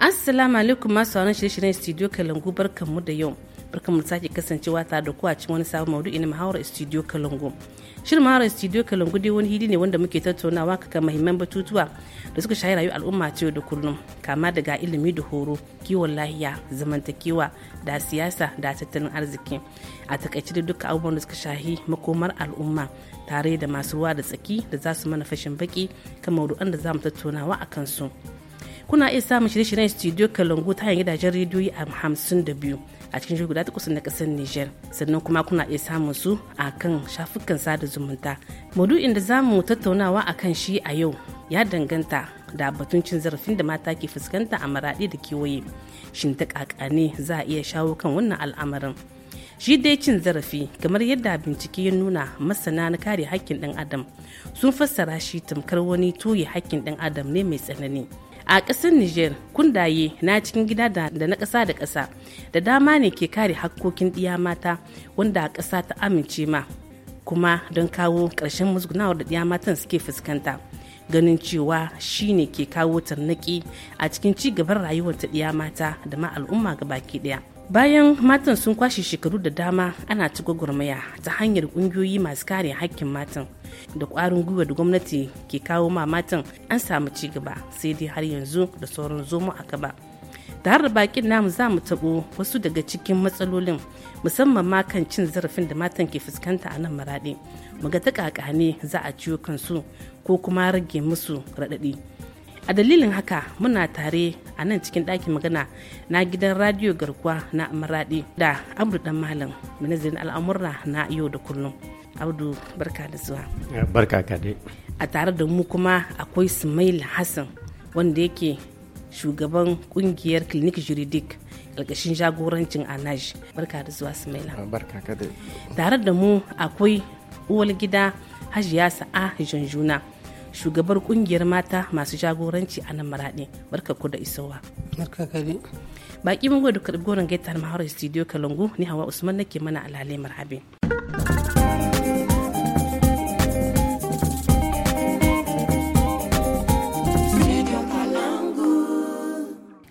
Assalamu alaikum masu wani shirye-shiryen studio Kalangu barkanmu da yau. Barkanmu sake kasancewa tare da ku cikin wani sabon maudu'i na muhawarar studio Kalangu. shirin maharar studio kalangu dai wani hili ne wanda muke tattaunawa kan mahimman batutuwa da suka shahi rayuwar al'umma ta yau da kullum kama daga ilimi da horo kiwon lahiya zamantakewa da siyasa da tattalin arziki a takaice da duka abubuwan da suka shahi makomar al'umma tare da masu ruwa da tsaki da za su mana fashin baki kan maudu'an da za mu tattaunawa a kansu kuna iya samun shirye-shiryen studio kalangu ta hanyar gidajen rediyo a hamsin da biyu a cikin jihohi guda takwas na kasar Nijar sannan kuma kuna iya samun su a kan shafukan sada zumunta. Maudu'in da zamu tattaunawa a kan shi a yau ya danganta da batun cin zarafin da mata ke fuskanta a maraɗi da kewaye. Shin ta ne za a iya shawo kan wannan al'amarin? shi dai cin zarafi kamar yadda bincike ya nuna masana na kare haƙƙin ɗan adam sun fassara shi tamkar wani toye haƙƙin ɗan adam ne mai tsanani a ƙasar niger kundaye na cikin gida da na ƙasa da ƙasa da dama ne ke kare hakkokin ɗiya mata wanda a ƙasa ta amince ma kuma don kawo ƙarshen musgunawar da ɗiya matan suke fuskanta ganin cewa shi ne ke kawo tarnaki a cikin ci gaban rayuwar ta ɗiya mata da ma al'umma baki ɗaya bayan matan sun kwashe shekaru da dama ana ci gwagwarmaya ta hanyar kungiyoyi masu kare hakkin matan da kwarin gwiwa da gwamnati ke kawo ma matan an samu ci gaba sai dai har yanzu da sauran zomo a gaba da har da bakin namu za mu tabo wasu daga cikin matsalolin musamman ma kan cin zarafin da matan ke fuskanta a nan maraɗi mu ga ta ne za a ciwo kansu ko kuma rage musu raɗaɗi a dalilin haka muna tare a nan cikin ɗakin magana na gidan radiyo garkuwa na maradi da abdu dan malam manazirin al'amurra na yau da kullum abdu barka da zuwa barka ka dai a tare da mu kuma akwai smail hassan wanda yake shugaban kungiyar clinic juridic ƙarƙashin jagorancin anaj barka da zuwa smail barka ka dai tare da mu akwai uwar gida hajiya sa'a janjuna shugabar kungiyar mata masu jagoranci a nan maraɗi barka ku da isowa barka baki mun gwada karbi goron gaita studio kalangu ni hawa usman nake mana alale marhabi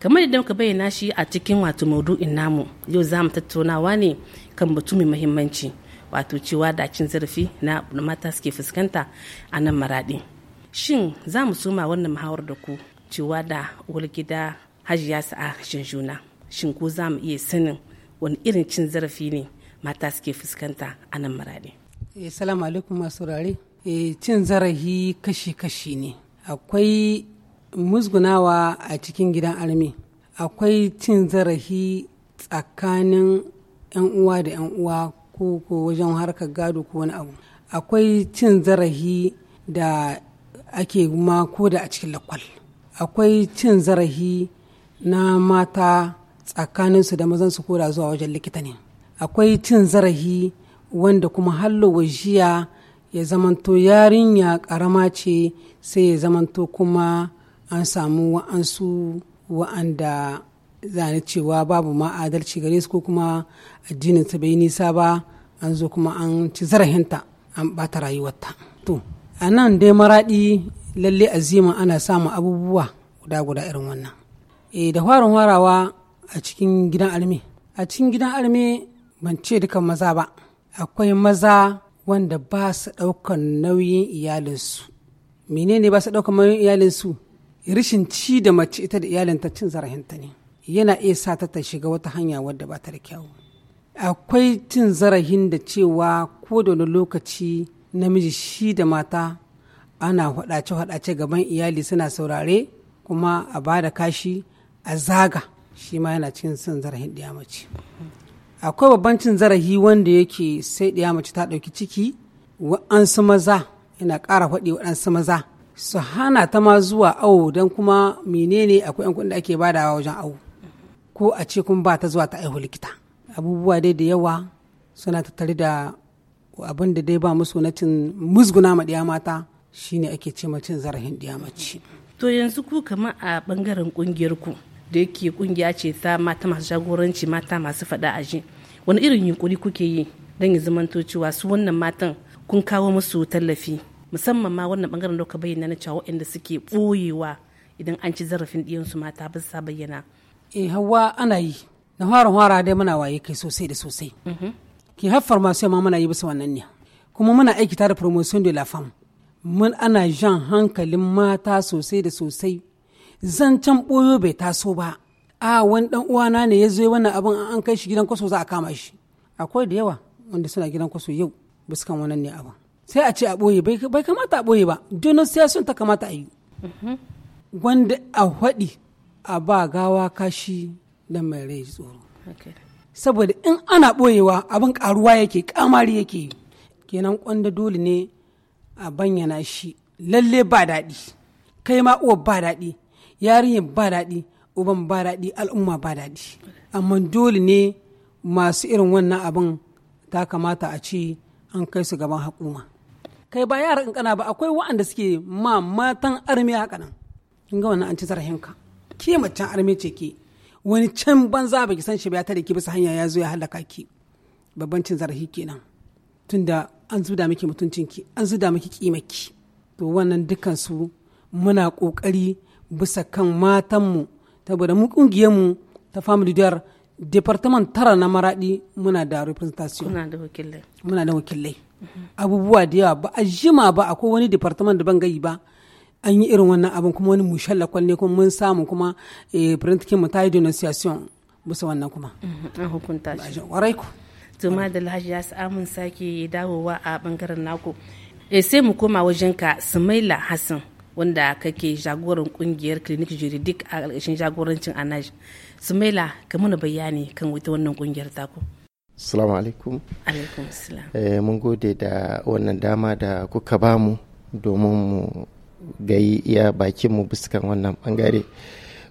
kamar da muka bayyana shi a cikin wato maudu'in namu yau za mu tattaunawa ne kan batu mai muhimmanci wato cewa dacin zarafi na mata suke fuskanta a nan maraɗi shin za mu soma wannan muhawar da ku cewa da gida hajiya sa'a juna shin ku za mu iya sanin wani irin cin zarafi ne mata suke fuskanta a nan marade eh, salamu alaikum masu rare eh, cin zarafi kashi-kashi ne akwai musgunawa a cikin gidan armi akwai cin zarafi tsakanin 'yan uwa da 'yan uwa ko wajen harkar gado ko wani abu akwai cin zarafi da ake ma ko da a cikin lakwal akwai cin zarafi na mata tsakaninsu da mazansu ko da zuwa wajen likita ne akwai cin zarafi wanda kuma hallo wajiya. ya zamanto yarinya karama ce sai ya zamanto kuma an samu wa'ansu wa'anda zane cewa babu ma adalci gare su ko kuma addinin ta bai nisa ba an zo kuma an ci zarahinta an bata rayuwarta to a nan dai maraɗi lalle azima ana samun abubuwa guda guda irin wannan e da farin warawa a cikin gidan arme a cikin gidan arme ban ce dukan maza ba akwai maza wanda ba su ɗaukan nauyin iyalinsu menene ba su ɗaukan nauyin iyalinsu rishin ci da mace ita da iyalinta cin zarahinta ne yana iya sa ta ta shiga wata hanya wadda ba ta da kyau. akwai cin zarahin da cewa ko da wani lokaci namiji shi da mata ana hudace waɗace gaban iyali suna saurare kuma a ba da kashi a zaga shi ma yana cikin son zarafin ɗaya mace akwai babban cin zarafi wanda yake sai ɗaya mace ta ɗauki ciki wa'ansu maza yana ƙara faɗi waɗansu maza su hana ta ma zuwa awo don kuma menene akwai 'yan kuɗin da ake badawa wajen awo ko a ce kuma ba ta zuwa ta aihu likita abubuwa dai da yawa suna tattare da abin da dai ba musu na cin musguna ma ɗiya mata shine ake ce cin zarafin ɗiya mace. To yanzu ku kama a bangaren kungiyar ku da yake kungiya ce ta mata masu jagoranci mata masu faɗa a ji wani irin yunkuri kuke yi don ya zamanto cewa su wannan matan kun kawo musu tallafi musamman ma wannan bangaren da ka bayyana na cewa waɗanda suke ɓoyewa idan an ci zarafin ɗiyansu mata ba sa bayyana. Eh hawa ana yi na fara fara dai muna waye kai sosai da sosai. Mhm. ki har farmasiyon ma muna yi bisa wannan ne kuma muna aiki tare promotion de la femme mun ana jan hankalin mata sosai da sosai zancen boyo bai taso ba a wani dan uwana ne ya zo wannan abin an kai shi gidan kwaso za a kama shi akwai da yawa wanda suna gidan kwaso yau buskan wannan ne abin sai a ce a boye bai kamata a boye ba dono sun ta kamata a yi mm-hmm. wanda a haɗi a ba gawa kashi da mai rai tsoro saboda in ana ɓoyewa abin ƙaruwa yake ƙamari yake kenan kwanda dole ne a bayyana shi lalle ba daɗi kai ma uwa ba daɗi yarinya ba daɗi uban ba daɗi al'umma ba daɗi amma dole ne masu irin wannan abin ta kamata a ce an kai su gaban hakuma kai ba yara kana ba akwai waɗanda suke ma matan armiya kanan kin ga wannan an ci ka ke macen armiya ce ke wani can banza baki san shi ba ya tare ki bisa hanya ya zo ya halaka ki babban cin zarafi kenan tunda an zuda miki ki an zuda miki kimaki to wannan dukansu muna kokari bisa kan matanmu saboda mu mu ta family diyar departament tara na maradi muna da representation muna da wakilai muna da wakilai abubuwa da yawa ba a jima ba akwai wani department da ban gayi ba an yi irin wannan abin kuma wani mushallakwal ne kuma mun samu kuma firintikin eh, mu ta yi denunciation musu wannan kuma mhm, an hukunta shi kwarai ku to madalla hajiya samun sake dawowa a bangaren naku eh, sai mu koma wajen ka sumaila hassan wanda kake jagoran kungiyar clinic juridic a ƙarƙashin jagorancin Anaji. sumaila ka mana bayani kan wata wannan kungiyar taku salamu alaikum alaikum salam eh, mun gode da wannan dama da kuka bamu domin mu gai iya bakinmu mu wannan bangare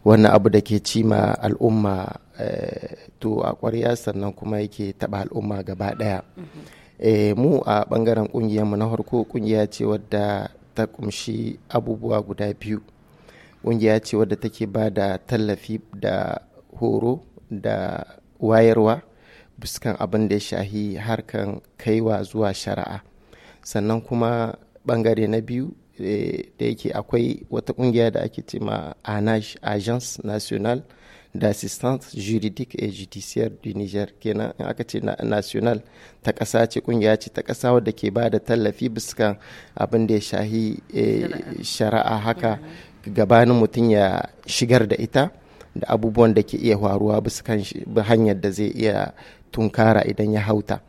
wannan abu da ke cima al'umma eh, to a ƙwarya sannan kuma yake taba al'umma gaba ɗaya eh, mu a bangaren mu na harko ƙungiya ce wadda ta kumshi abubuwa guda biyu ƙungiya ce wadda take ba da tallafi da horo da wayarwa buskan abin da ya shahi harkan kaiwa zuwa shari'a sannan kuma bangare na biyu Eh, da yake akwai wata kungiya da ake ce ma ANAJ Agence Nationale d'assistance juridique et judiciaire du Niger kenan in aka ce national ta ƙasa ce kungiya ce ta kasa wadda ke ba da tallafi biskan abin da ya shahi eh, shari'a haka gabanin mutum ya shigar da ita da abubuwan da ke iya faruwa biskan hanyar da zai iya tunkara idan ya hauta.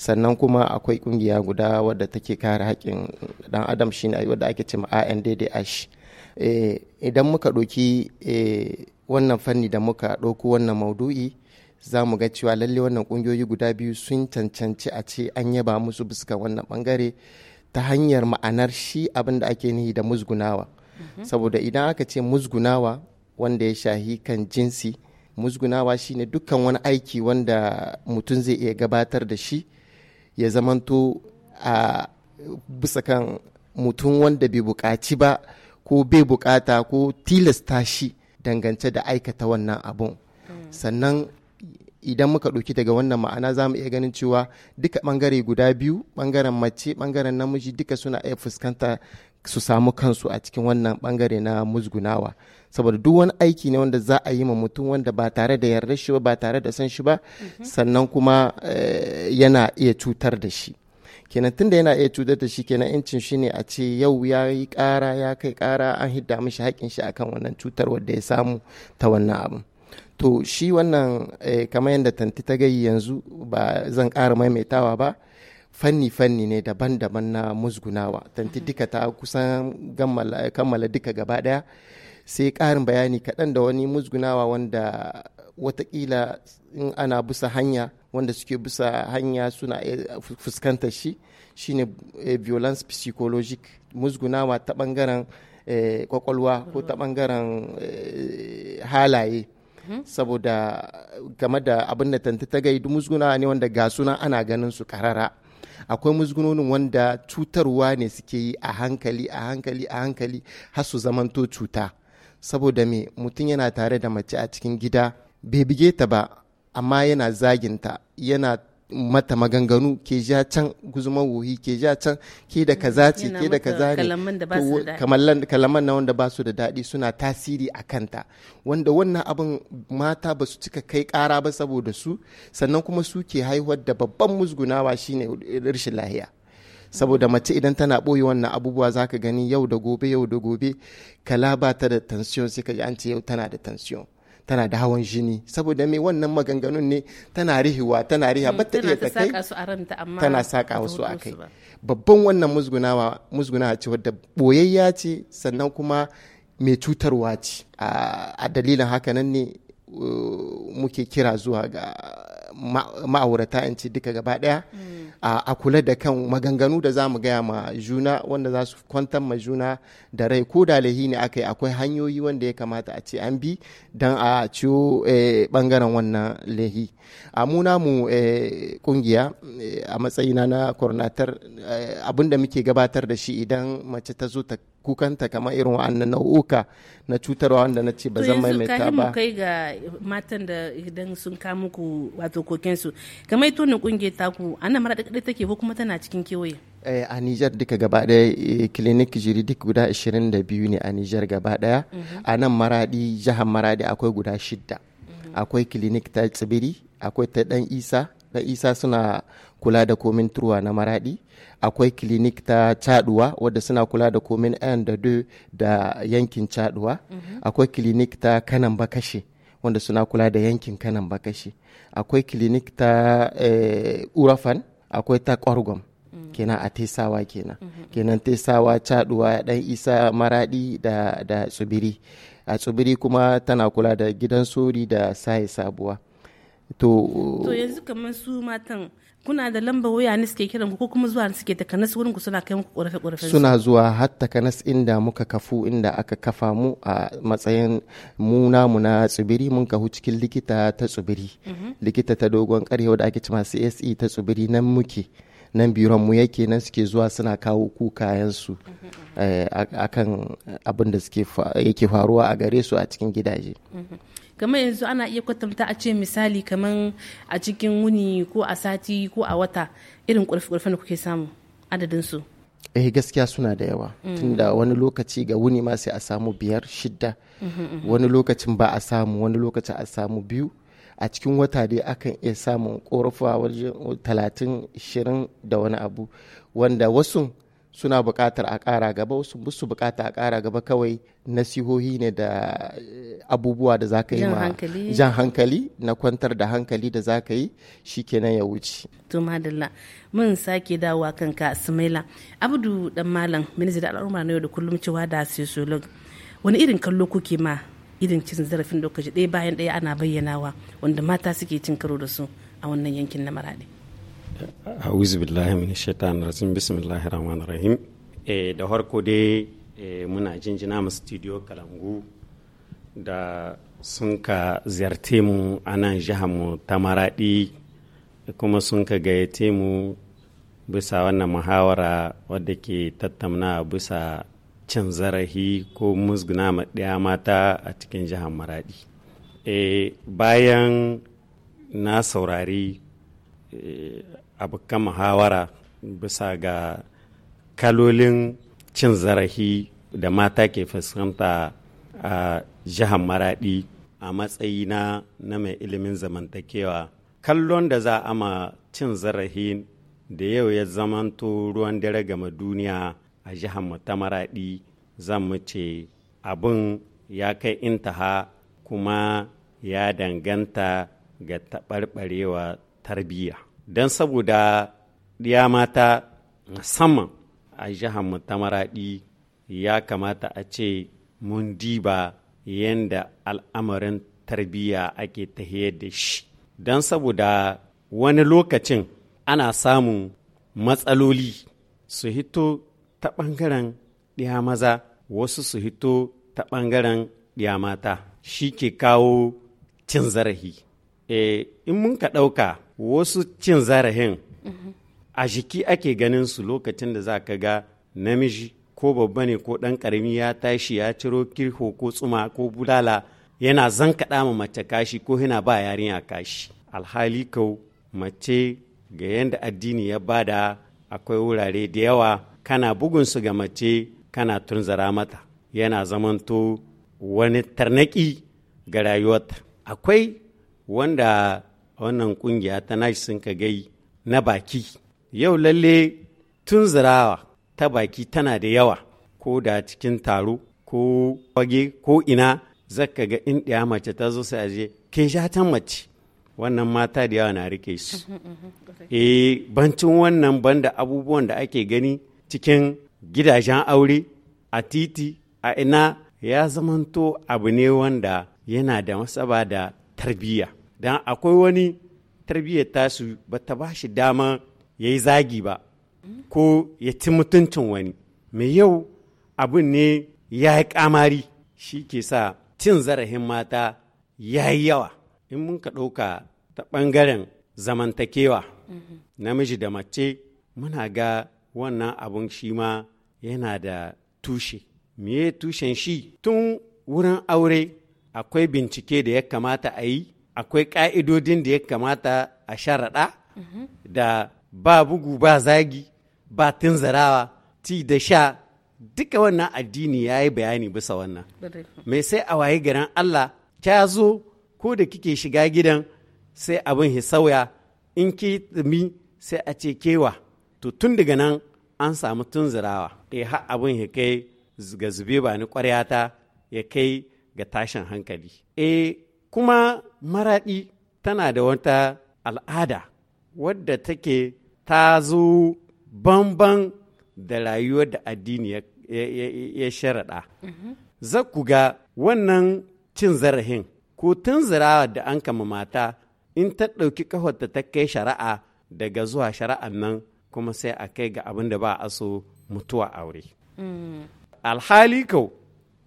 sannan kuma akwai kungiya guda wadda take kare haƙƙin dan adam shine wadda ake cewa ANDDH eh, idan muka ɗauki eh, wannan fanni da muka ɗauko wannan maudu'i za mu ga cewa lalle wannan kungiyoyi guda biyu sun cancanci a ce an yaba musu bisa wannan bangare ta hanyar ma'anar shi abin da ake nihi da musgunawa mm-hmm. saboda idan aka ce musgunawa wanda ya shahi kan jinsi musgunawa shine dukkan wani aiki wanda mutum zai iya gabatar da shi ya zamanto a bisa kan mutum wanda bai buƙaci ba ko bai buƙata ko tilasta shi dangance da aikata wannan abun mm. sannan idan muka ɗauki daga wannan ma'ana za mu iya ganin cewa duka ɓangare guda biyu ɓangaren mace ɓangaren namiji duka suna iya fuskanta su samu kansu a cikin wannan ɓangare na musgunawa saboda duk wani aiki ne wanda za a yi ma mutum wanda ba tare da yarda shi ba tare da san shi ba mhm. sannan kuma eh, yana iya cutar da shi kenan tunda yana iya cutar da shi kenan incin shi ne a ce yau ya yi ƙara ya kai ƙara an hidda mishi haƙin shi akan wannan cutar wanda ya samu ta wannan abin to shi wannan eh, kamar yadda tanti ta gai yanzu ba zan ƙara maimaitawa ba fanni-fanni ne daban-daban na musgunawa tanti mm-hmm. duka ta kusan kammala duka gaba ɗaya sai ƙarin bayani kaɗan da wani musgunawa wanda watakila in ana busa hanya wanda suke busa hanya suna fuskantar shi shine eh, violence psychologic musgunawa ta ɓangaren kwakwalwa eh, ko ta mm-hmm. ɓangaren halaye saboda game da abin da tanti ta gai musguna ne wanda ga suna ana ganin su karara akwai musgunonin wanda cutarwa ne suke yi a hankali a hankali a hankali har su zamanto cuta saboda me mutum yana tare da mace a cikin gida bai bige ta ba amma yana zaginta yana mata maganganu ke ja can guzuma wohi ke ja can ke da kaza ce ke da kaza ne kalaman na wanda ba su da daɗi suna tasiri a kanta wanda wannan abin mata ba su cika kai kara ba saboda su sannan kuma su ke haihuwar da babban musgunawa shine rashin lahiya saboda mace idan tana ɓoye wannan abubuwa za ka gani yau da gobe yau da gobe kala ba ta da tansiyon sai ka ji an ce yau tana da tansiyon tana da hawan jini saboda me wannan maganganun ne tana rihiwa tana riha hmm, ba ta iya ta kai tana saka wasu a kai babban wannan musgunawa musgunawa ce wadda boyayya ce sannan kuma mai cutarwa ce a dalilin hakanan ne uh, muke kira zuwa ga ma'aurata in ci duka gaba daya mm. a kula da kan maganganu da za mu gaya ma juna wanda za su kwantar ma juna da rai ko da lahi ne aka yi akwai hanyoyi wanda ya kamata a ce an bi don a ciwo bangaren eh, wannan lahi a muna mu kungiya eh, eh, a matsayina na kornatar abinda muke gabatar da shi idan mace ta zo ta kukanta kamar irin wa'annan nau'uka na cutarwa wanda na ce ba zan maimaita ba. To kai ga matan da idan sun kamu ku wato kokensu kamar ito ne kungiyar taku ana mara da kadai take ko kuma tana cikin kewaye. Eh, a Nijar duka gaba daya eh, clinic duka guda 22 ne a Nijar gaba daya mhm. a nan maradi jihar maradi akwai guda shidda mhm. akwai clinic ta tsibiri akwai ta dan isa da isa suna kula da komin turwa na maradi akwai klinik ta chaduwa wadda suna kula da komin ayan da da yankin caduwa mhm. akwai klinik ta kanan bakashi wanda suna kula da yankin kanan bakashi akwai klinik ta eh, urafan akwai ta kwargwam mm. kenan a tesawa kenan mhm. kenan tesawa caɗuwa dan isa maradi da, da tsibiri a tsibiri kuma tana kula da gidan sori da saye sabuwa to to yanzu kamar su matan kuna da lamba waya ne suke kiran ku ko kuma zuwa suke takanas wurin ku suna kai muku ƙorafe-ƙorafe. suna zuwa har kanas inda muka kafu inda aka kafa mu a matsayin mu na mu na tsibiri mun kahu cikin likita ta tsibiri mhm. likita ta dogon karewa da ake cewa CSE ta tsibiri nan muke nan biron mu yake nan suke zuwa suna kawo su mhm, mhm. eh, akan abin da suke yake faruwa a gare su a cikin gidaje kamar yanzu ana iya kwatanta a ce misali kamar a cikin wuni ko a sati ko a wata irin ƙurfe-ƙurfen da kuke samu adadin su eh gaskiya suna da yawa mm. tunda wani lokaci ga wuni ma sai a samu biyar shidda mm-hmm, mm-hmm. wani lokacin ba a samu wani lokacin a samu biyu a cikin wata dai akan iya samun korafa wajen talatin shirin da wani abu wanda wasu suna buƙatar a ƙara gaba wasu musu buƙata a ƙara gaba kawai nasihohi ne da eh, abubuwa da za ka yi ma jan hankali na kwantar da hankali da za ka yi shi ya wuce. to madalla mun sake dawowa kanka sumaila abdu dan malam minista al'umma na yau da kullum cewa da sociolog wani irin kallo kuke ma irin cin zarafin lokaci ɗaya bayan ɗaya ana bayyanawa wanda mata suke cin karo da su a wannan yankin na maraɗi. a'udhu billahi minash shaitanir rajim bismillahir rahmanir rahim eh da harko dai eh, muna jinjina mu studio Kalangu da sun ka ziyarte mu a nan mu ta maraɗi kuma sun ka gayyace mu bisa wannan muhawara wadda ke tattauna bisa cin zarahi ko musguna ɗaya mata a cikin jihar maraɗi e, eh, bayan na saurari eh, kan muhawara bisa ga kalolin cin zarafi da mata ke fuskanta a jihar maradi a matsayi na mai ilimin zamantakewa kallon da za a ma cin zarafi da yau ya zamanto ruwan dare gama duniya a jihar mu ta maradi zan mu ce abin ya kai intaha kuma ya danganta ga taɓarɓarewa tarbiyya don saboda ya mata musamman a jihar mu ta maraɗi ya kamata a ce mun diba yadda al'amarin tarbiyya ake tahiyar da shi don saboda wani lokacin ana samun matsaloli su hito ta ɓangaren ɗiya maza wasu su hito ta ɓangaren ɗiya mata shi ke kawo cin zarafi eh, in mun ka ɗauka wasu cin zarafin a jiki ake ganin su lokacin da za ka ga namiji ko babba ne ko ɗan ƙarami ya tashi ya ciro kirho ko tsuma ko bulala yana zan kaɗa ma mace kashi ko yana ba yarinya kashi alhali kau mace ga yadda addini ya bada akwai wurare da yawa kana bugunsu ga mace kana tunzara mata yana zamanto wani tarnaki ga rayuwarta akwai wanda wannan kungiya ta nashi sun ka gai na baki yau lalle tun zirawa ta baki tana da yawa ko da cikin taro ko fage ko ina zaka ga in ɗaya mace ta zo sai aje ke ta mace wannan mata da yawa na rike su eh bancin wannan banda abubuwan da ake gani cikin gidajen aure a titi a ina ya zamanto abu ne wanda yana da masaba da tarbiyya dan akwai wani tarbiyyar tasu ba ta ba shi dama ya yi zagi ba ko ya ci mutuncin wani mai yau abin ne ya yi kamari shi ke sa cin zarafin mata ya yi yawa in mun ka ɗauka ta ɓangaren zamantakewa namiji da mace muna ga wannan abun shi ma yana da tushe meye tushen shi tun wurin aure akwai bincike da ya kamata a yi akwai ƙa'idodin da ya kamata a sharaɗa da ba bugu ba zagi ba tunzarawa ti da sha duka wannan addini ya yi bayani bisa wannan mai sai a waye garin allah ta zo ko da kike shiga gidan sai abin ya sauya in ki tsumi sai a ce kewa to tun daga nan an samu tunzurawa eh ha abin ya kai ga zube ba ni ƙwaryata ya kai ga tashin hankali eh Kuma maraɗi tana da wata al'ada wadda take ta zo bamban da rayuwar da addini ya sharaɗa. Za ku ga wannan cin zarafin ko zirawa da an kama mata in ta ɗauki kafarta ta kai shari'a daga zuwa shari'an nan kuma sai a kai ga abin da ba a so mutuwa aure. Mm. Alhali kau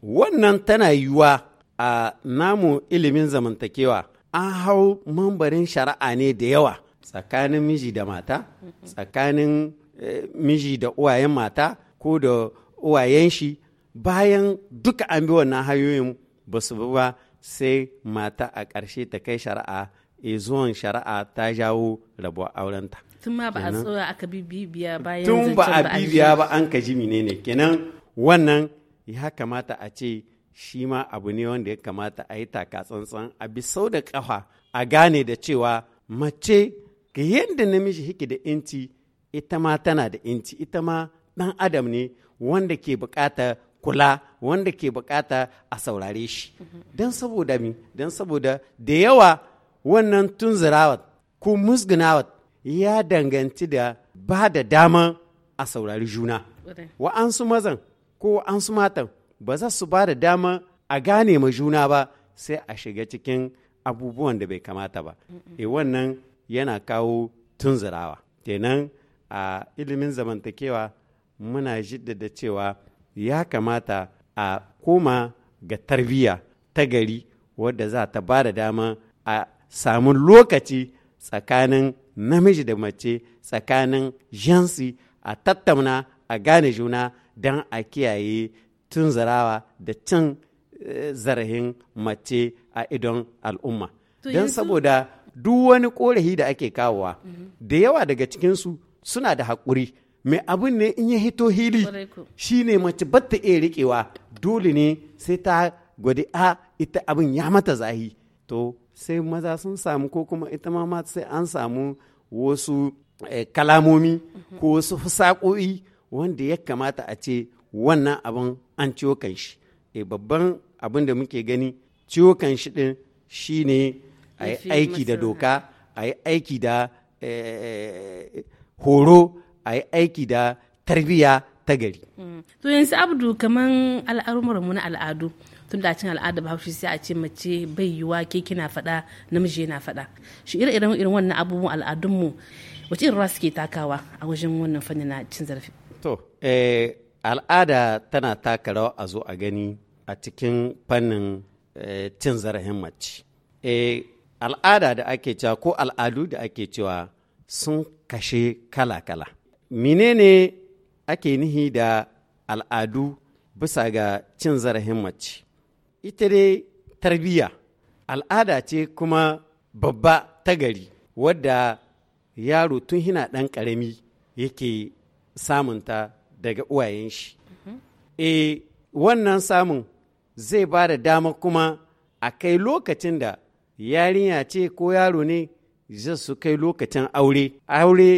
wannan tana yiwuwa a namu ilimin zamantakewa an hau mambarin shari'a ne da yawa tsakanin miji da mata tsakanin eh, miji da uwayen mata ko da uwayen shi bayan duka an bi wannan hanyoyin ba su ba sai mata a ƙarshe ta kai shari'a e zuwan shari'a ta jawo rabuwar aurenta tun ma ba a tsoya aka bibiya bayan tun ba a bibiya ba an ka ji menene kenan wannan ya kamata a ce shi ma abu ne wanda ya kamata a yi taka tsantsan a sau da ƙafa a gane da cewa mace ga yadda namiji hiki da inci ita ma tana da inci ita ma ɗan adam ne wanda ke buƙata kula wanda ke buƙata a saurare shi don saboda mi don saboda da yawa wannan tunzirawat ko musgunawat ya danganci da ba da dama a saurari juna wa'ansu mazan ko wa'ansu matan ba za su ba da dama a gane ma juna ba sai a shiga cikin abubuwan da bai kamata ba e wannan yana kawo tunzurawa kenan a ilimin zamantakewa muna jiddada cewa ya kamata a koma ga tarbiyya ta gari wadda za ta ba da dama a samu lokaci tsakanin namiji da mace tsakanin jansi a tattauna a gane juna don a kiyaye zarawa da can eh, zarahin mace a idon al'umma don saboda duk wani korafi da ake kawowa mm-hmm. da yawa daga cikinsu suna da haƙuri mai abin ne in ya hito hili shi ne mace batta iya riƙewa dole ne sai ta gwada a ita abin ya mata zahi to sai maza sun samu ko kuma ita ma mata sai an samu wasu eh, kalamomi mm-hmm. ko wasu saƙo'i wanda ya kamata a ce wannan abin an ciwo kan shi e babban abin da muke gani ciwo kan shi din ne a yi aiki da doka a yi aiki da eh, horo a yi aiki da tarbiyya ta gari mm. to yanzu abdu kaman al'amuranmu na al'adu tun da cin al'ada haushi sai a ce mace bai yiwa ke kina faɗa namiji yana faɗa shi ire iren irin wannan abubuwan al'adunmu wace irin suke takawa a wajen wannan fannin na cin zarafi to eh al'ada tana taka rawa a zo a gani a cikin fannin eh, cin zarafin mace eh, al'ada da ake cewa ko al'adu da ake cewa sun kashe kala-kala menene ake nihi da al'adu bisa ga cin zarafin mace ita dai tarbiyya al'ada ce kuma babba ta gari wadda yaro tun hina ɗan ƙarami yake samunta daga uwayen shi e wannan samun zai ba da dama kuma a kai lokacin da yarinya ce ko yaro ne zai su kai lokacin aure aure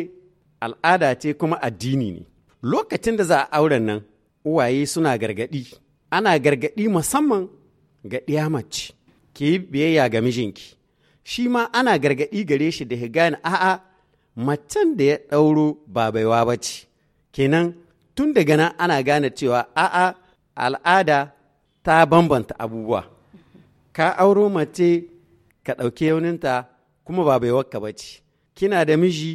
al'ada ce kuma addini ne lokacin da za a auren nan uwaye suna gargaɗi ana gargaɗi musamman ga ɗiyamaci. ki yi biyayya ga mijinki shi ma ana gargaɗi gare shi da gane a'a macen da ya ɗauro ba baiwa ba ce kenan tun daga nan ana gane cewa a'a al'ada ta bambanta abubuwa ka auro mace ka ɗauki yauninta kuma ba wakka ba ce kina da miji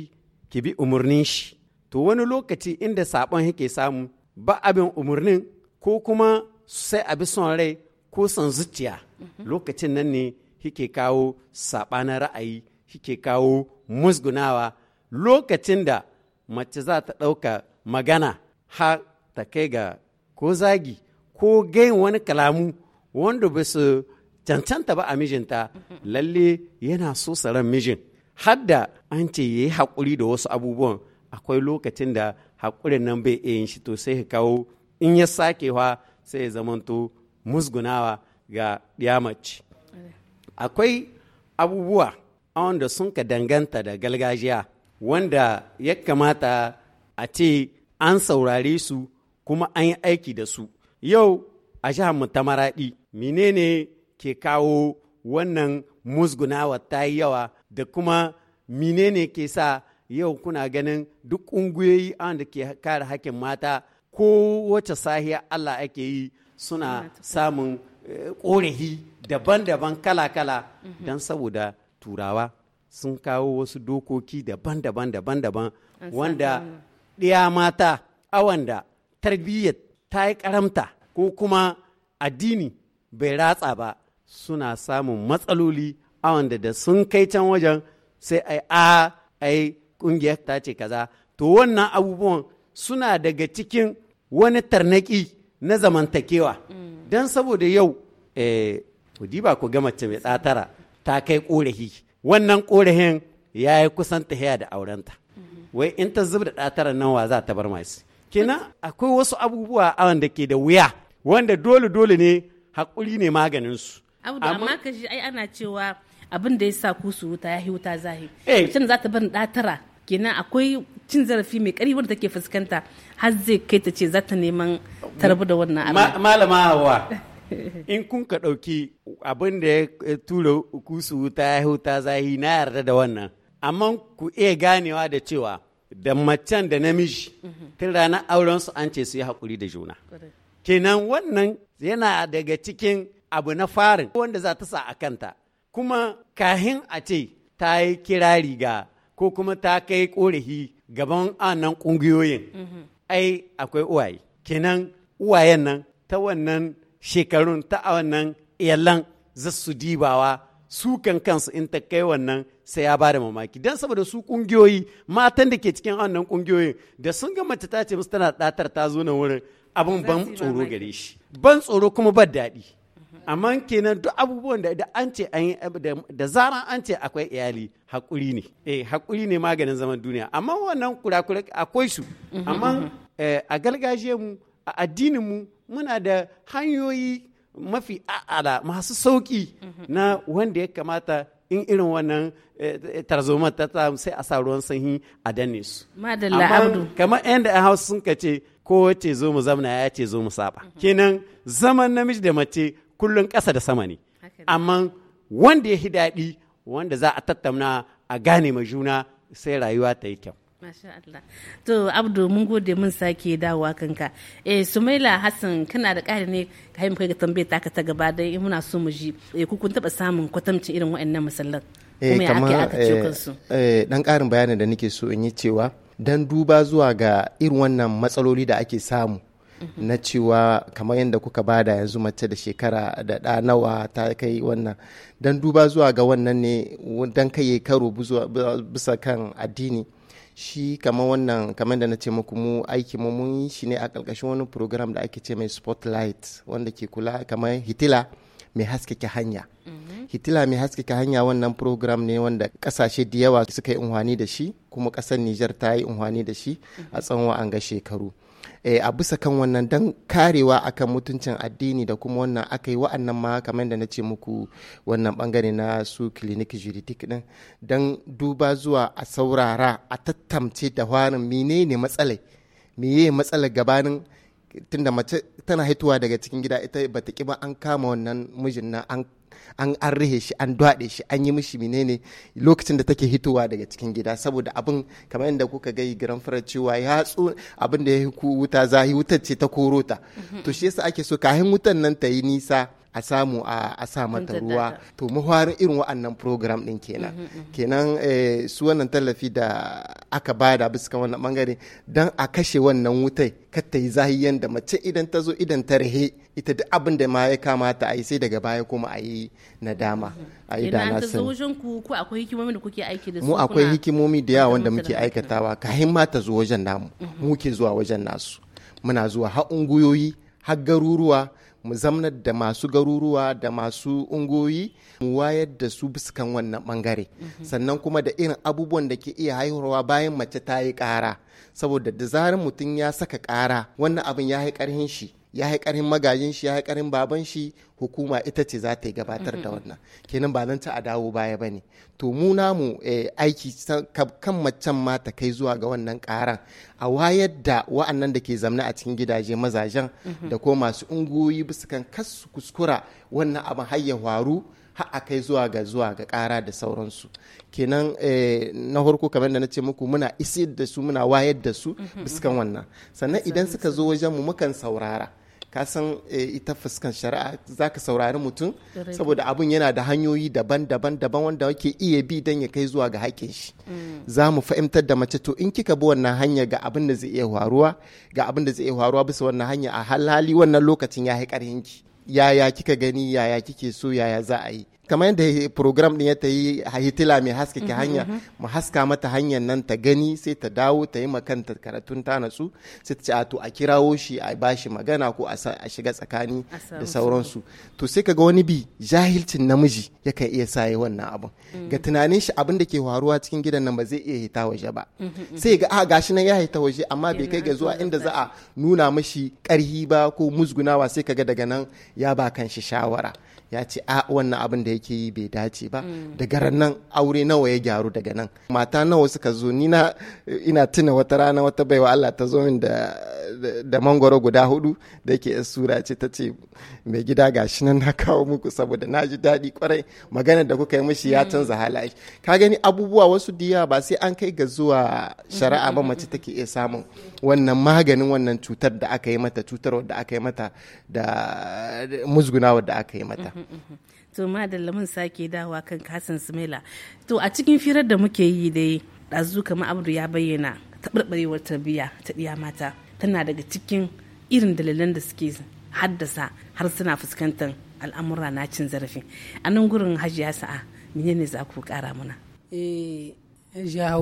ki bi umarnin shi to wani lokaci inda saɓon yake samu ba abin umarnin ko kuma sai abi son rai ko son zuciya lokacin nan ne hike kawo saɓanin ra'ayi hike kawo musgunawa lokacin da mace za ta ɗauka magana har ta kai ga ko zagi ko gain wani kalamu wanda ba su cancanta ba a mijinta lalle yana so saran mijin hadda an ce ya yi haƙuri da wasu abubuwan akwai lokacin da haƙurin nan bai iya yin shi to sai ya kawo in ya sakewa sai ya zamanto musgunawa ga yamaci akwai abubuwa wanda sun ka danganta da galgajiya wanda ya kamata a ce an saurare su kuma an yi aiki da su yau a jihar mu ta maraɗi menene ke kawo wannan musgunawa ta yi yawa da kuma menene ke sa yau kuna ganin duk ƙungiyoyi da ke kare haƙƙin mata ko wace sahiya Allah ake yi suna samun eh, ƙorehi daban-daban kala-kala mm-hmm. don saboda turawa sun kawo wasu dokoki daban-daban daban-daban wanda ɗiya mata a da tarbiyyar ta yi karamta ko kuma addini bai ratsa ba suna samun matsaloli a da da sun kai can wajen sai ai a ai kungiyar ta ce kaza to wannan abubuwan suna daga cikin wani tarnaki na zamantakewa mm. don saboda yau eh, ku ba ku gama mai tsatara ta kai ƙorahi wannan korahin ya yi kusan tahiya da aurenta wai in ta zubda da nan wa za ta bar masu kina akwai wasu abubuwa a wanda ke da wuya wanda dole dole ne hakuri ne maganin su amma ka ji ai ana cewa abin da ya sa ku su wuta ya hi wuta zahi eh. mutum za ta bar da tara kenan akwai cin zarafi mai ƙari wanda take fuskanta har zai kai ta ce za ta neman tarbu da wannan malama hawa in kun ka ɗauki abin da ya tura kusu wuta ya wuta zahi na yarda da wannan amma ku iya ganewa da cewa da macen da namiji tun ranar aurensu an ce su yi haƙuri da juna kenan wannan yana daga cikin abu na farin wanda za ta sa a kanta kuma kahin a ce ta yi kira riga. ko kuma ta kai korahi gaban anan ƙungiyoyin ai akwai uwaye kenan uwayen nan ta wannan shekarun ta wannan iyalan za su dibawa su kan kansu in ta kai wannan sai ya bada mamaki don saboda su kungiyoyi matan da ke cikin wannan kungiyoyin da sun ga mace ta ce musu tana datar ta zo na wurin abin ban tsoro gare shi ban tsoro kuma ban daɗi amma kenan duk abubuwan da an ce da zaran an ce akwai iyali hakuri ne eh hakuri ne maganin zaman duniya amma wannan kurakura akwai su amma eh, a gargajiyar mu a addinin mu muna da hanyoyi mafi a'ala masu sauƙi na wanda ya kamata in irin wannan eh, eh, tarzoma ta sai a sa ruwan sanyi a danne su. Madalla Abdu. Kamar yadda ‘yan hausa sun ce ko wace zo mu zamna ya ce zo mu saba. Mhm. Kenan zaman namiji da mace kullum ƙasa da sama ne. Amma wanda ya daɗi wanda za a tattauna a gane ma juna sai rayuwa ta yi kyau. Masha Allah. To Abdu mun gode mun sake dawowa kanka. Eh Sumaila Hassan kana da ƙari ne ka haimu kai ga tambayar ka ta gaba dai muna so mu ji. Eh ku kun taba samun kwatamcin irin waɗannan misalan. Eh kamar eh dan eh, ƙarin bayanin da nake so in yi cewa dan duba zuwa ga irin wannan matsaloli da ake samu. Mhm. na cewa kamar yadda kuka bada yanzu mace da shekara da ɗa nawa ta kai wannan dan duba zuwa ga wannan ne dan kai karo bisa kan addini shi kamar wannan kamar da na ce muku mu aiki mu mun shi ne a ƙarƙashin wani program da ake ce mai spotlight wanda ke kula kamar hitila mai haskake hanya mhm. hitila mai haskake hanya wannan program ne wanda kasashe da yawa suka yi unhwani da shi kuma kasar Nijar ta yi unhwani da shi a mhm. tsawon an ga shekaru Eh, a bisa kan wannan don karewa akan mutuncin addini da kuma wannan aka yi wa'annan ma kamar da na ce muku wannan bangare na su clinic juridic din don duba zuwa a saurara a tattamce da warin menene matsalai meye matsalar gabanin tunda mace tana haituwa daga cikin gida ita bata ki ba an kama wannan mijin na an an an rihe shi an dwaɗe shi an yi mishi menene lokacin da take hitowa daga cikin gida saboda abin kamar yadda kuka gai giran farar cewa ya tso abin da ya wuta zahi wutar ce ta korota mhm. to shi yasa ake so kahin wutan nan ta yi nisa a samu a sa mata ruwa to muharin irin wa'annan program din kenan mm-hmm, mm-hmm. kenan eh, su wannan tallafi da aka bada bisa wannan bangare don a kashe wannan wutai kar ta yi zahiyan da mace idan ta zo idan ta rahe ita duk abin da ma ya kamata a yi sai daga baya kuma a yi nadama mm-hmm. a yi da wajen ku ku akwai hikimomi da kuke aiki da su mu akwai hikimomi da yawa wanda muke aikatawa ka ma ta zo wajen namu muke zuwa wajen nasu muna zuwa har unguyoyi har garuruwa mu zamnar da masu garuruwa da masu ungoyi mu wayar da su biskan wannan bangare mhm. sannan kuma da irin abubuwan da ke iya haihuwa bayan mace ta yi ƙara saboda da zarar mutum ya saka ƙara wannan abin ya yi ƙarhin shi ya yi magajin shi ya yi baban shi hukuma ita ce za ta yi gabatar da mm-hmm. wannan kenan ba zan ta a dawo baya ba ne to mu namu eh, aiki kan macen ma ta kai zuwa ga wannan karan a wayar da wa'annan da ke zamna a cikin gidaje mazajen mm-hmm. da ko masu ungoyi bisa kan kasu kuskura wannan abin har ya faru a kai zuwa ga zuwa ga kara da sauransu kenan eh, na farko kamar da na ce muku muna isir da su muna wayar da su mm-hmm. bisa wannan sannan idan suka zo wajen mu mukan saurara ka san eh, ita fuskan shari'a za ka saurari mutum saboda abun yana da hanyoyi daban-daban daban wanda wake iya bi don ya kai zuwa ga haƙin shi mm. za mu fahimtar da mace to in kika bi wannan hanya ga abin da zai iya faruwa ga abin da zai iya faruwa bisa wannan hanya a halali wannan lokacin ya haƙar ki yaya kika gani yaya kike so yaya za a yi kamar yadda program ɗin ya ta yi hitila mai haske ke mhm, hanya mhm. mu haska mata hanyar nan ta gani sai ta dawo ta yi makanta karatun ta natsu sai ta ce a to a kirawo shi a bashi magana ko a shiga tsakani da sauransu to sai ka ga wani bi jahilcin namiji kan iya sa yi wannan abun mm. ga tunanin shi abin da ke faruwa cikin gidan nan ba zai iya hita waje ba mm, mm, sai ga a gashi nan ya hita waje amma bai kai ga zuwa inda za a nuna mashi karhi ba ko musgunawa sai ka ga daga nan ya ba kan shi shawara ya ce a wannan abin da yake yi bai dace ba mm. daga ranar aure nawa ya gyaru daga nan mata nawa suka zo ni na ina tuna wata rana wata baiwa Allah ta zo min da da mangoro guda hudu da yake sura ce ta ce mai gida gashi nan na kawo muku saboda na ji daɗi kwarai maganar da kuka yi mishi ya mm. canza halaye ka gani abubuwa wasu diya ba sai an kai ga zuwa shari'a ba mm. mace take iya samun wannan maganin wannan cutar da aka yi mata cutar da aka yi mata da musgunawar da aka yi mata mhm, mhm, mhm. to madalla mun sake dawa kan kasan smela to a cikin firar da muke yi dai ɗazu kamar abdu ya bayyana taɓarɓarewar tarbiyya ta ɗiya mata tana daga cikin irin dalilan da suke haddasa har suna fuskantar al'amura na cin zarafi a nan gurin hajiya sa'a menene za ku kara mana eh hajiya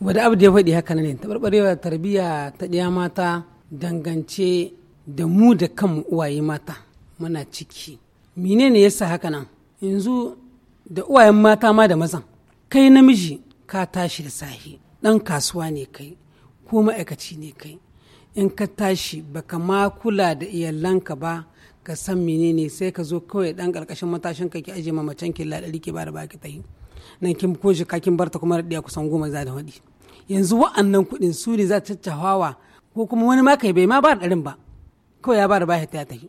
wadda abu da ya faɗi haka ne taɓarɓarewa tarbiyya ta ɗaya mata dangance da mu da kanmu uwaye mata muna ciki menene yasa haka nan yanzu da uwayen mata ma da mazan kai namiji ka tashi da sahi ɗan kasuwa ne kai ko ma'aikaci ne kai in ka tashi baka ma kula da iyalanka ba ka san menene sai ka zo kawai ɗan ƙarƙashin matashin ka ki aje mamacin ki ladari ki ba da baki ta yi nan kin ko shi kin barta kuma da kusan goma za da waɗi. yanzu wa'annan kuɗin su ne za ta caccahawa ko kuma wani ma kai bai ma ba ɗarin ba kawai ya ba da ba ta tafi.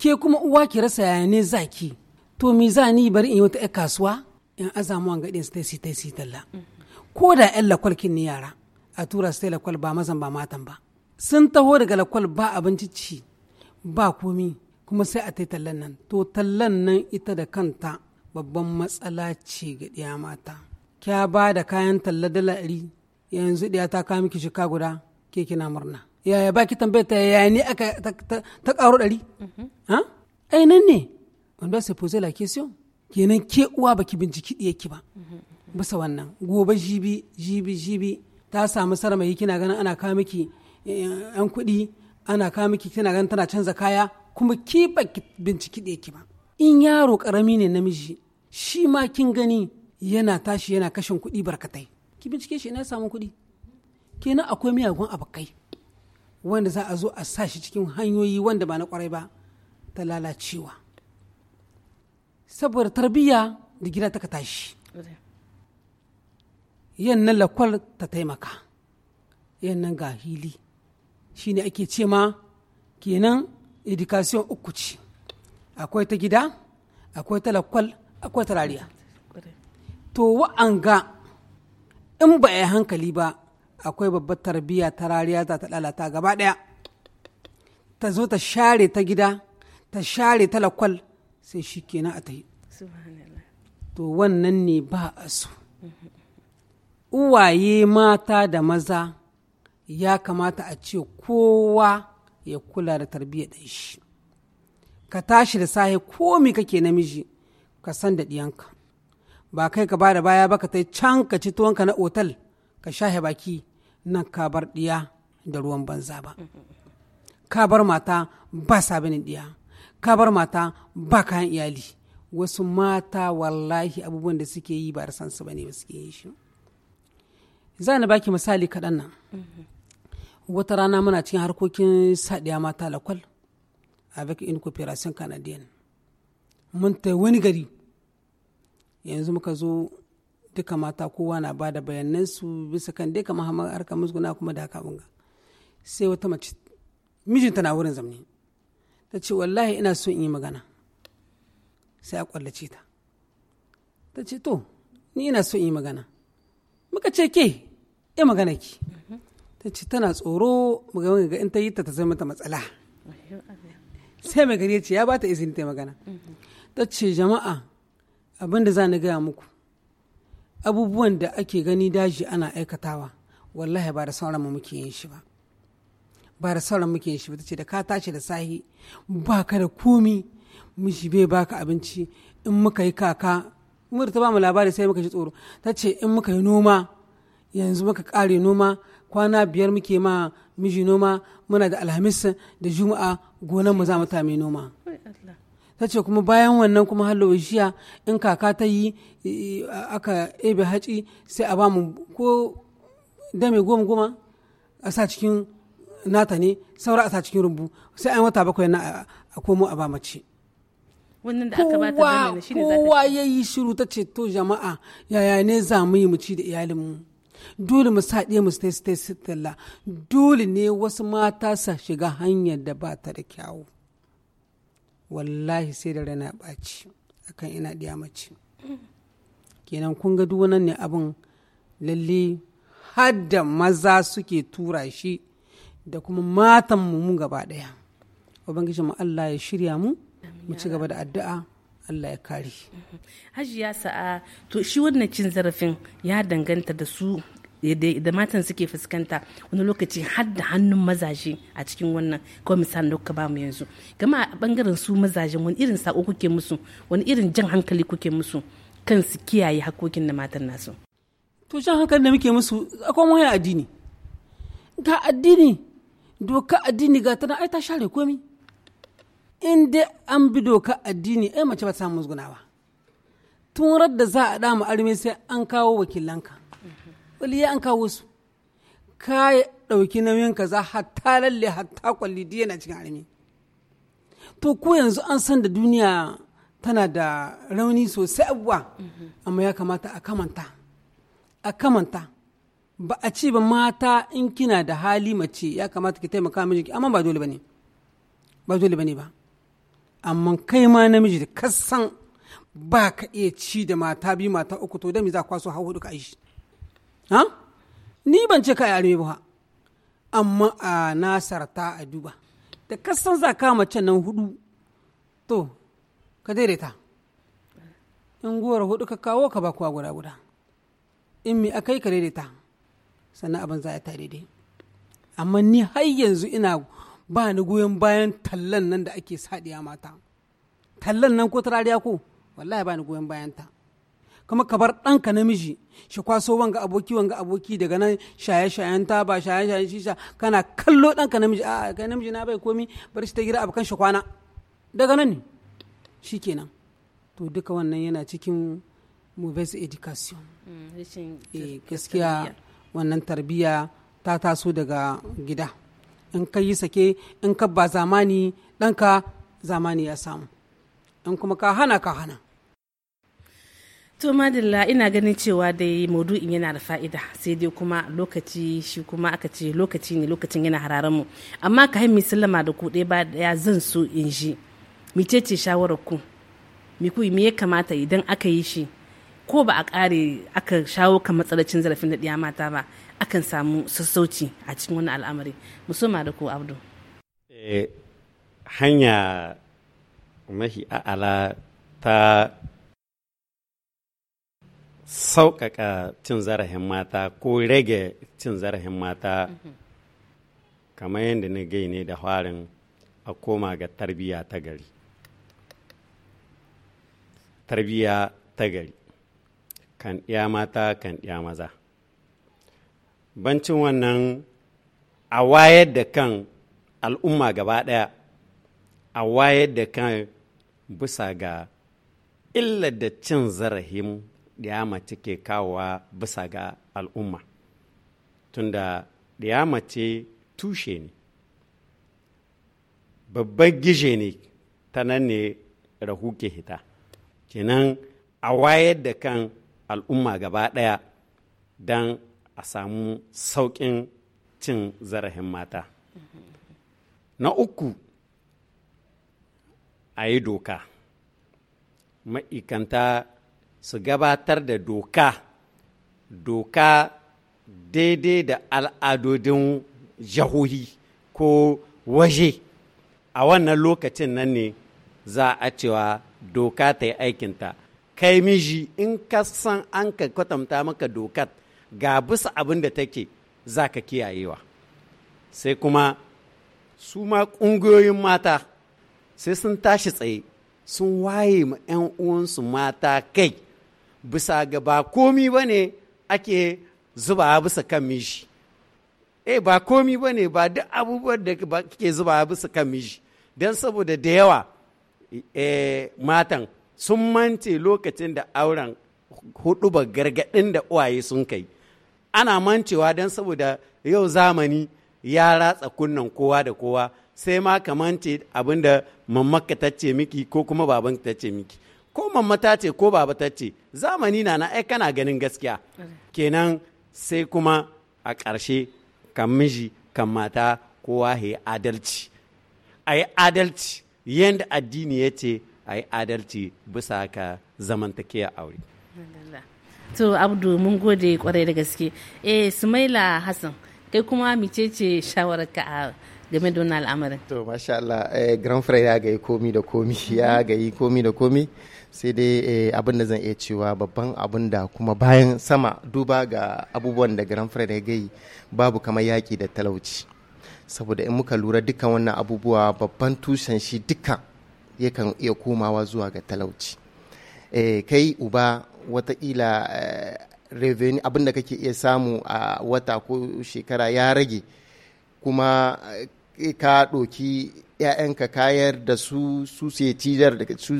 ke kuma uwa ki rasa yaya ne zaki to mi za ni bari in yi wata 'yar kasuwa in azamu an gaɗin ta si ta si talla ko da 'yan lakwal kin ni yara a tura su ta lakwal ba mazan ba matan ba sun taho daga lakwal ba abinci ci ba komi kuma sai a ta tallan nan to tallan nan ita da kanta babban matsala ce ga ɗiya mata kya ba da kayan talla dala ɗari yanzu ɗiya ta kawo miki shika guda ke kina murna yaya ba ki tambaya ta yaya ne aka ta ƙaro ɗari ha mm-hmm. ah? ai nan ne wanda se pose la siyo? kenan ke uwa ba ki binciki ki ba mm-hmm. bisa wannan gobe jibi jibi jibi ta samu yi kina ganin ana kawo miki yan eh, kuɗi ana kawo miki kina ganin tana canza kaya kuma ki baki binciki ki ba in yaro ƙarami ne namiji shi ma kin gani yana tashi yana kashin kuɗi barkatai ki bincike shi ina samun kuɗi kenan akwai miyagun abokai wanda za a zo a sa shi cikin hanyoyi wanda ba na kwarai ba ta lalacewa saboda tarbiyya da gida ta tashi yannan lakwal ta taimaka yannan ga hili shine ake ce ma kenan education uku ce akwai ta gida akwai ta lakwal akwai tarariya to wa'anga in ba a hankali ba akwai babbar tarbiyya tarariya za ta lalata gaba ɗaya ta zo ta share ta gida ta share ta lakwal sai shi kenan a ta yi to wannan ne ba a so uwaye mata da maza ya kamata a ce kowa ya kula da tarbiyyar da shi ka tashi da sahe komi kake namiji ka san da ɗiyanka ba kai ka bada baya ba ka ta can ka ci tuwonka na otal ka shahe baki nan ka bar ɗiya da ruwan banza ba ka bar mata ba sabinin ɗiya ka bar mata ba kayan iyali wasu mata wallahi abubuwan da suke yi ba da san su bane ba suke yi shi za ni baki misali kaɗan nan wata rana muna cikin harkokin saɗiya mata lakwal a une coopération canadienne mun ta wani gari yanzu muka zo duka mata kowa na ba da bayanansu bisa kan dai kamar harkar musguna kuma da haka bunga sai wata mace mijinta na wurin zamani ta ce wallahi ina so in yi magana sai a kwallace ta ta ce to ni ina so in yi magana muka ce ke ya magana ki ta ce tana tsoro magana ga in ta yi ta ta zama ta matsala sai mai gari ya ce ya ba ta izini ta magana mhm. Tace jama'a abinda da za ni gaya muku abubuwan da ake gani daji ana aikatawa wallahi ba da sauran mu muke yin shi ba ba da sauran muke yin shi ba ta ce da ka tashi da sahi ba ka da komi mishi bai baka abinci in muka yi kaka mur ta ba mu labari sai muka ji tsoro ta ce in muka yi noma yanzu muka kare noma kwana biyar muke ma miji noma muna da alhamis da juma'a gonan mu za mu ta mai noma ta ce kuma bayan wannan kuma shiya in kaka ta yi aka ebe haci sai a bamu ko dame goma goma a sa cikin nata ne saura a sa cikin rumbu sai an wata bakwai na a komo a ba mace kowa ya yi yayi shiru ta ce to jama'a yaya ne za mu yi mu da iyalinmu dole mu sa ɗaya mu stay stay dole ne wasu mata sa shiga hanyar da ba ta da kyawu wallahi sai da rana ɓaci akan ina ɗiya mace kenan kun ga duk ne abin lalle hadda maza suke tura shi da kuma matan mu gaba ɗaya mu allah ya shirya mu mu ci gaba da addu'a Allah ya kare. Hajiya sa'a to shi wannan cin zarafin ya danganta da su da matan suke fuskanta wani lokaci har da hannun mazaje a cikin wannan kawai misalin da kuka ba mu yanzu gama a bangaren su mazajen wani irin sako kuke musu wani irin jan hankali kuke musu kan su kiyaye hakokin da matan nasu to jan hankali da muke musu akwai wani addini ga addini doka addini ga tana ai ta share komi in dai an bi doka addini ai mace ba ta samu musgunawa tun da za a dama arme sai an kawo wakilanka ɓaliya an kawo su ka ɗauki nauyin kaza hatta lalle hatta kwalli duk yana cikin armi to ko yanzu an san da duniya tana da rauni sosai abuwa amma ya kamata a kamanta a kamanta ba a ce ba mata in kina da hali mace ya kamata ki taimaka mijinki amma ba dole bane ba dole bane ba amma kai ma namiji da kasan ba ka iya ci da mata biyu mata uku to da mi za kwaso hau hudu ka aishi ni ban ce ka yare ba amma a nasarta a duba da kasan za ka mace nan hudu to ka daidaita in guwar hudu ka kawo ka ba kuwa guda guda in mi akai ka daidaita sannan abin za a ta daidai amma ni har yanzu ina ba ni goyon bayan tallan nan da ake sadiya mata tallan nan ko turariya ko wallahi ba ni goyon bayan ta kuma ka bar ɗanka namiji shi kwaso wanga aboki wanga aboki daga nan shaye shayen taba shaye shayen shisha kana kallo ɗanka namiji a kai namiji na bai komi bari shi ta gida abokan shi kwana daga nan ne shi kenan to duka wannan yana cikin mobile education mm, eh, gaskiya wannan tarbiya ta taso daga gida in ka yi sake in ka ba zamani ɗanka zamani ya samu in kuma ka hana ka hana to madalla ina ganin cewa dai maudu'in yana da fa'ida sai dai kuma lokaci shi kuma aka ce lokaci ne lokacin yana hararar mu amma ka hain sallama da ku ɗaya ba ya zan so in ji ce shawarar ku mi ku me ya kamata idan aka yi shi ko ba a ƙare aka shawo kan matsalacin zarafin da ɗiya mata ba akan samu sassauci a cikin wani al'amari musamman da ku abdu eh, hanya mahi a'ala ta sauƙaƙa cin zarafin mata ko rage cin zarafin mata kamar yadda na gai ne da harin a koma ga tarbiyya ta gari tarbiyya ta gari kan ɗiya mata kan ɗiya maza bancin wannan a wayar da kan al'umma gaba ɗaya a wayar da kan bisa ga illar da cin zarafin ɗiyamace ke kawowa bisa ga al'umma tunda ce tushe ne babban gije ne ta nan ne rahu ke hita kenan a wayar da kan al'umma gaba ɗaya don a samu sauƙin cin zarafin mata na uku a yi doka ma'ikanta su gabatar da doka doka daidai da al'adodin jahohi ko waje a wannan lokacin nan ne za a cewa doka ta yi aikinta kai miji in ka san an ka kwatanta maka dokar ga bisa abin da take za ka kiyayewa sai kuma su ma ƙungiyoyin mata sai sun tashi tsaye sun waye ma 'yan uwansu mata kai bisa ga ba komi ba ne ake zuba bisa kan mishi eh ba komi ba ne ba duk abubuwan da ke zuba bisa kan mishi don saboda da yawa eh, matan sun mance lokacin da auren hudu ba gargaɗin da uwaye sun kai ana mancewa don saboda yau zamani ya ratsa kunnan kowa da kowa sai ma ka mance abinda da ta ce miki ko kuma baban ta ce miki ko mammata ce ko babata ce zamani na na ai kana ganin gaskiya kenan sai kuma a ƙarshe kan miji kan mata kowa ya yi adalci a yi adalci yadda addini ya ce a yi adalci bisa ka zamantakewa aure to abdu mun gode kwarai da gaske eh sumaila hassan kai kuma micece shawararka a game da wannan al'amarin to masha Allah eh, grand frère ya gayi komi da komi ya gayi komi da komi sai dai eh, abin da zan iya cewa babban abin da kuma bayan sama duba ga abubuwan da grand da ya gai babu kamar yaki da talauci saboda in muka lura dukkan wannan abubuwa babban tushen shi dukkan yakan iya komawa zuwa ga talauci eh, kai uba watakila eh, revenue abin da kake iya samu a wata ko shekara ya rage kuma ka ɗoki ‘ya'yanka kayar da su su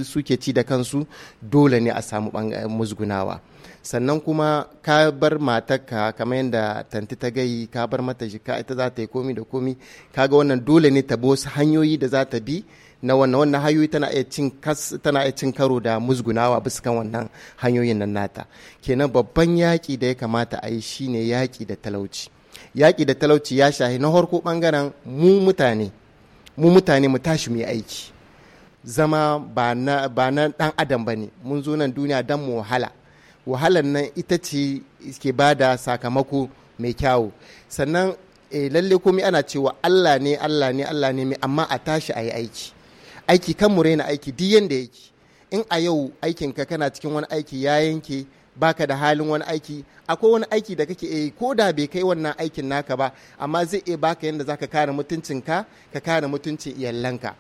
suke ci da kansu dole ne a samu musgunawa sannan kuma ka bar matarka kamar yadda tanti ta gai ka bar mata ka ita za ta yi komi da komi kaga wannan dole ne ta wasu hanyoyi da za ta bi na wannan wannan hanyoyi tana iya cin karo da musgunawa bisa kan wannan hanyoyin nan nata kenan babban yaƙi da ya kamata a yi shine yaƙi da talauci yaƙi da talauci ya shahi na harko ɓangaren mu mutane mu mutane mu tashi mu yi aiki zama ba na ɗan adam ba ne mun zo nan duniya don mu wahala wahalar nan ita ce ke ba da sakamako mai kyawu sannan e, lalle komai ana cewa allah ne allah ne allah ne mai amma a tashi a yi aiki aiki kan mu raina aiki duk yanda yake in a yau aikinka kana cikin wani aiki ya yanke baka da halin wani aiki akwai wani aiki da kake yi ko da bai kai wannan aikin naka ba amma zai iya baka yadda zaka kare mutuncinka ka kare mutuncin iyalanka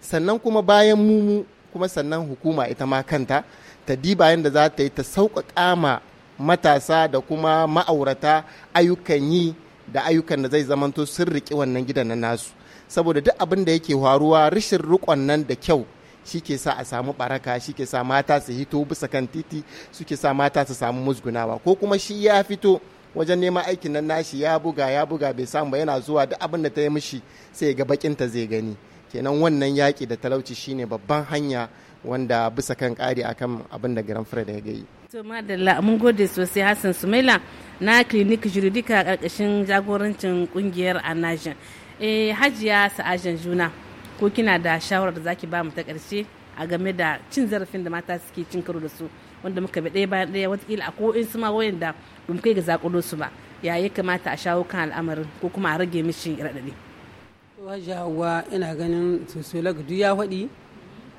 sannan kuma bayan mumu kuma sannan hukuma ita ma kanta ta diba yadda za ta yi ta sauƙaƙa ma matasa da kuma ma'aurata ayyukan yi da ayyukan da zai zamanto sun riƙi wannan gidan na nasu saboda duk abin da yake faruwa rashin riƙon nan da kyau shi ke sa a samu baraka shi ke sa mata su hito bisa kan titi su ke sa mata su samu musgunawa ko kuma shi ya fito wajen neman aikin nan nashi ya buga ya buga bai samu ba yana zuwa duk abin da ta yi mishi sai ga bakinta zai gani kenan wannan yaƙi da talauci shine babban hanya wanda bisa kan ƙari akan abin da garan fura da ya gayi. to madalla mun gode sosai hassan sumaila na clinic juridika ƙarƙashin jagorancin ƙungiyar anajin eh hajiya sa'ajan juna ko kina da shawarar da zaki ba mu ta karshe a game da cin zarafin da mata suke cin karo da su wanda muka bi ɗaya bayan ɗaya wataƙila a ko'in su ma wayan da ba kai ga zakulo su ba ya ya kamata a shawo kan al'amarin ko kuma a rage mishi raɗaɗi. Wajawa ina ganin sosolag duk ya faɗi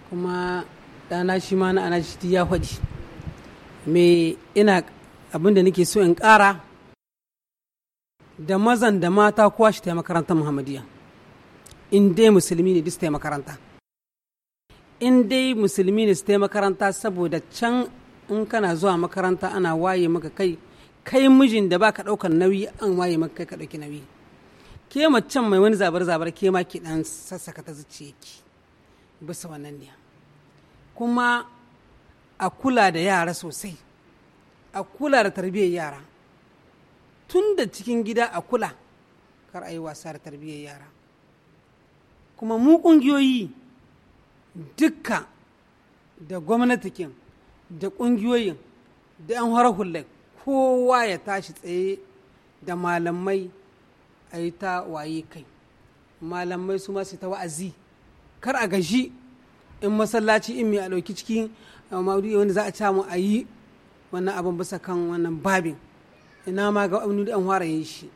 kuma ɗana shi ma na anashi duk ya faɗi. Me ina abin da nake so in ƙara da mazan da mata kowa shi ta makarantar Muhammadiyya. in dai musulmi ne su makaranta in dai musulmi ne makaranta saboda can in kana zuwa makaranta ana waye maka kai kai mijin da baka ɗaukar nauyi an waye maka kai ka ɗauki nauyi ke macen mai wani zabar zabar ke ma ki dan sassaka ta zuciya ki bisa wannan ne kuma a kula da yara sosai a kula da tarbiyyar yara tun da cikin gida a kula kar a yi wasa da tarbiyyar yara kuma mu ƙungiyoyi dukka da gwamnatikin da ƙungiyoyin da 'yan hulaik kowa ya tashi tsaye da malamai a yi ta waye kai malamai su masu ta wa'azi kar a gashi in masallaci in mai a ɗauki ciki a wanda za a mu a yi wannan abin bisa kan wannan babin ina ma ga abin da yan fara yi shi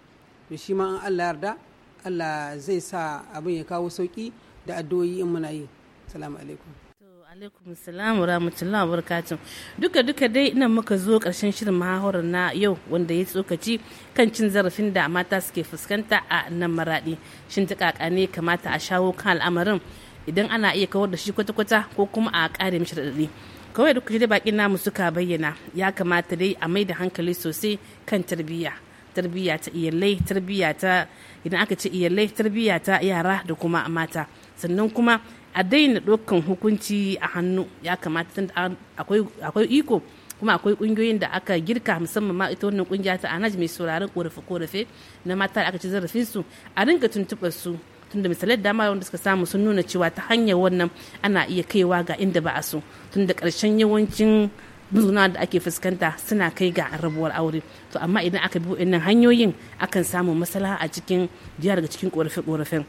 da shi ma an Allah yarda allah zai sa abin ya kawo sauki da addu'o'i in muna yi salamu alaikum alaikum salam wa rahmatullahi wa barakatuh duka duka dai ina muka zo karshen shirin muhawarar na yau wanda ya tsokaci kan cin zarafin da mata suke fuskanta a nan maradi shin ta ne kamata a shawo kan al'amarin idan ana iya kawar da shi kwata kwata ko kuma a kare mishi radadi kawai duka shi da bakin namu suka bayyana ya kamata dai a mai da hankali sosai kan tarbiyya tarbiyya ta iyalai tarbiyya ta idan aka ce iyalai tarbiyya ta yara da kuma mata sannan kuma a daina ɗaukan hukunci a hannu ya kamata akwai iko kuma akwai kungiyoyin da aka girka musamman ma ita wannan kungiya ta anaj mai sauraron korafe korafe na mata da aka ci zarafin su a ringa tuntuɓar su tunda misalai dama wanda suka samu sun nuna cewa ta hanyar wannan ana iya kaiwa ga inda ba a so tunda ƙarshen yawancin musguna da ake fuskanta suna kai ga rabuwar aure to amma idan aka bi waɗannan hanyoyin akan samu masala a cikin jihar daga cikin korafe-korafen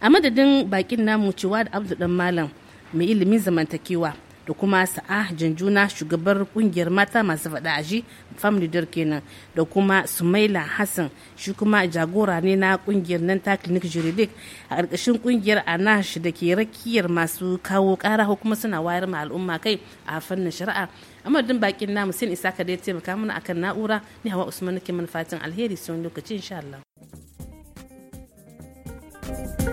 a madadin bakin namu cewa da abdu dan malam mai ilimin zamantakewa da kuma sa'a janjuna shugabar kungiyar mata masu faɗa aji family leader kenan da kuma sumaila hassan shi kuma jagora ne na kungiyar nan ta clinic juridic a ƙarƙashin kungiyar anash da ke rakiyar masu kawo ƙara ko kuma suna wayar ma al'umma kai a fannin shari'a amadin bakin namu sin isa ka dai taimaka mana akan na'ura ni hawa usman nake man alheri sun lokaci insha Allah. thank you